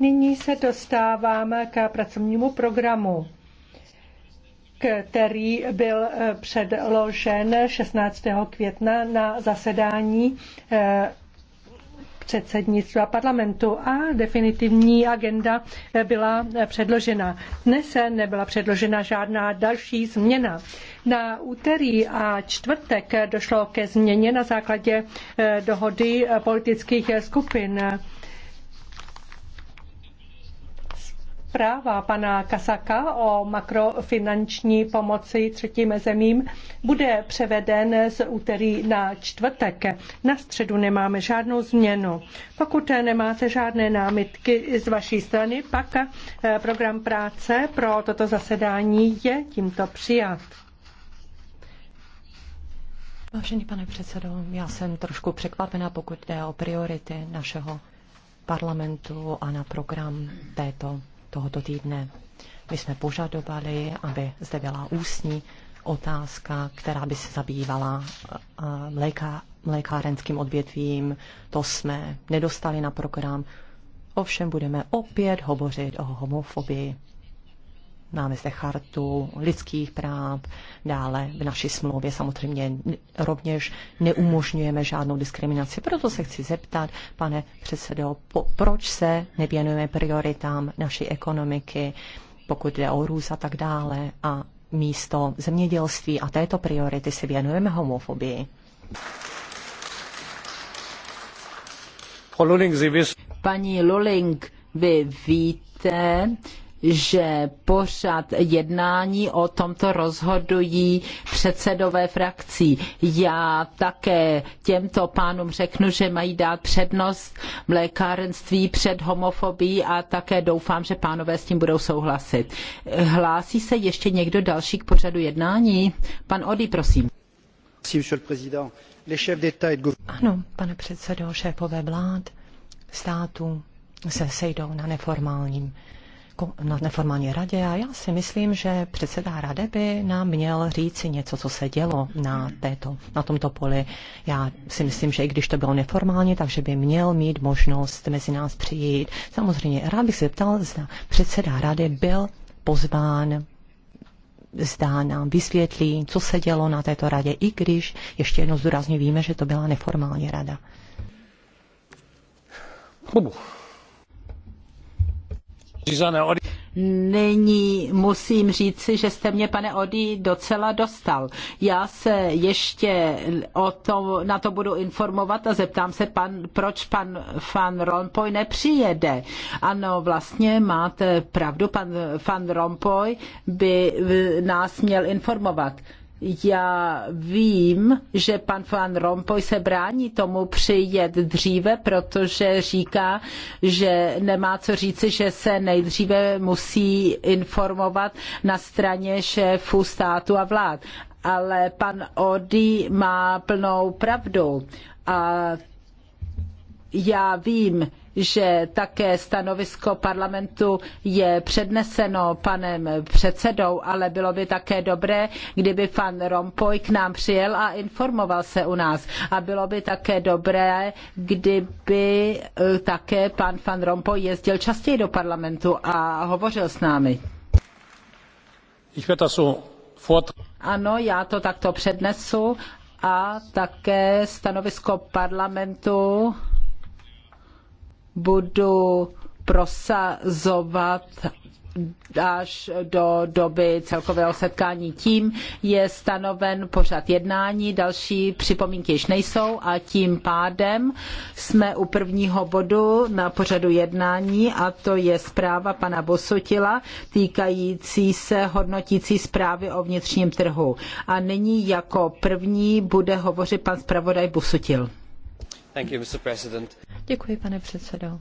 Nyní se dostáváme k pracovnímu programu který byl eh, předložen 16. května na zasedání eh, předsednictva parlamentu a definitivní agenda eh, byla předložena. Dnes nebyla předložena žádná další změna. Na úterý a čtvrtek došlo ke změně na základě dohody politických skupin. zpráva pana Kasaka o makrofinanční pomoci třetím zemím bude převeden z úterý na čtvrtek. Na středu nemáme žádnou změnu. Pokud nemáte žádné námitky z vaší strany, pak eh, program práce pro toto zasedání je tímto přijat. Vážený pane předsedo, já jsem trošku překvapena, pokud jde o priority našeho parlamentu a na program této tohoto týdne. My jsme požadovali, aby zde byla ústní otázka, která by se zabývala eh, mléka, mlékárenským odvětvím. To jsme nedostali na program. Ovšem budeme opět hovořit o homofobii máme zde chartu lidských práv, dále v naší smlouvě samozřejmě rovněž neumožňujeme žádnou diskriminaci. Proto se chci zeptat, pane předsedo, po, proč se nevěnujeme prioritám naší ekonomiky, pokud jde o růz a tak dále a místo zemědělství a této priority si věnujeme homofobii. Paní Luling, vy víte, že pořad jednání o tomto rozhodují předsedové frakcí. Já také těmto pánům řeknu, že mají dát přednost mlékárenství před homofobií a také doufám, že pánové s tím budou souhlasit. Hlásí se ještě někdo další k pořadu jednání? Pan Ody, prosím. Ano, pane předsedo, šéfové vlád, států se sejdou na neformálním jako na neformální radě a já si myslím, že předseda rady by nám měl říci něco, co se dělo na, této, na tomto poli. Já si myslím, že i když to bylo neformálně, takže by měl mít možnost mezi nás přijít. Samozřejmě rád bych se ptal, zda předseda rady byl pozván zdá nám, vysvětlí, co se dělo na této radě, i když ještě jednou zdůrazně víme, že to byla neformální rada. Nyní musím říci, že jste mě, pane Odi, docela dostal. Já se ještě o to, na to budu informovat a zeptám se, pan, proč pan Van Rompuy nepřijede. Ano, vlastně máte pravdu, pan Van Rompuy by nás měl informovat. Já vím, že pan Van Rompuy se brání tomu přijet dříve, protože říká, že nemá co říci, že se nejdříve musí informovat na straně šéfů státu a vlád. Ale pan Odi má plnou pravdu. A já vím, že také stanovisko parlamentu je předneseno panem předsedou, ale bylo by také dobré, kdyby pan Rompuy k nám přijel a informoval se u nás. A bylo by také dobré, kdyby eh, také pan van Rompuy jezdil častěji do parlamentu a hovořil s námi. Ano, já to takto přednesu a také stanovisko parlamentu budu prosazovat až do doby celkového setkání. Tím je stanoven pořad jednání, další připomínky již nejsou a tím pádem jsme u prvního bodu na pořadu jednání a to je zpráva pana Bosotila týkající se hodnotící zprávy o vnitřním trhu. A nyní jako první bude hovořit pan zpravodaj Bosotil. You, Děkuji, pane předsedo.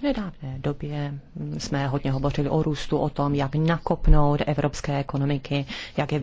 V nedávné době jsme hodně hovořili o růstu, o tom, jak nakopnout evropské ekonomiky, jak je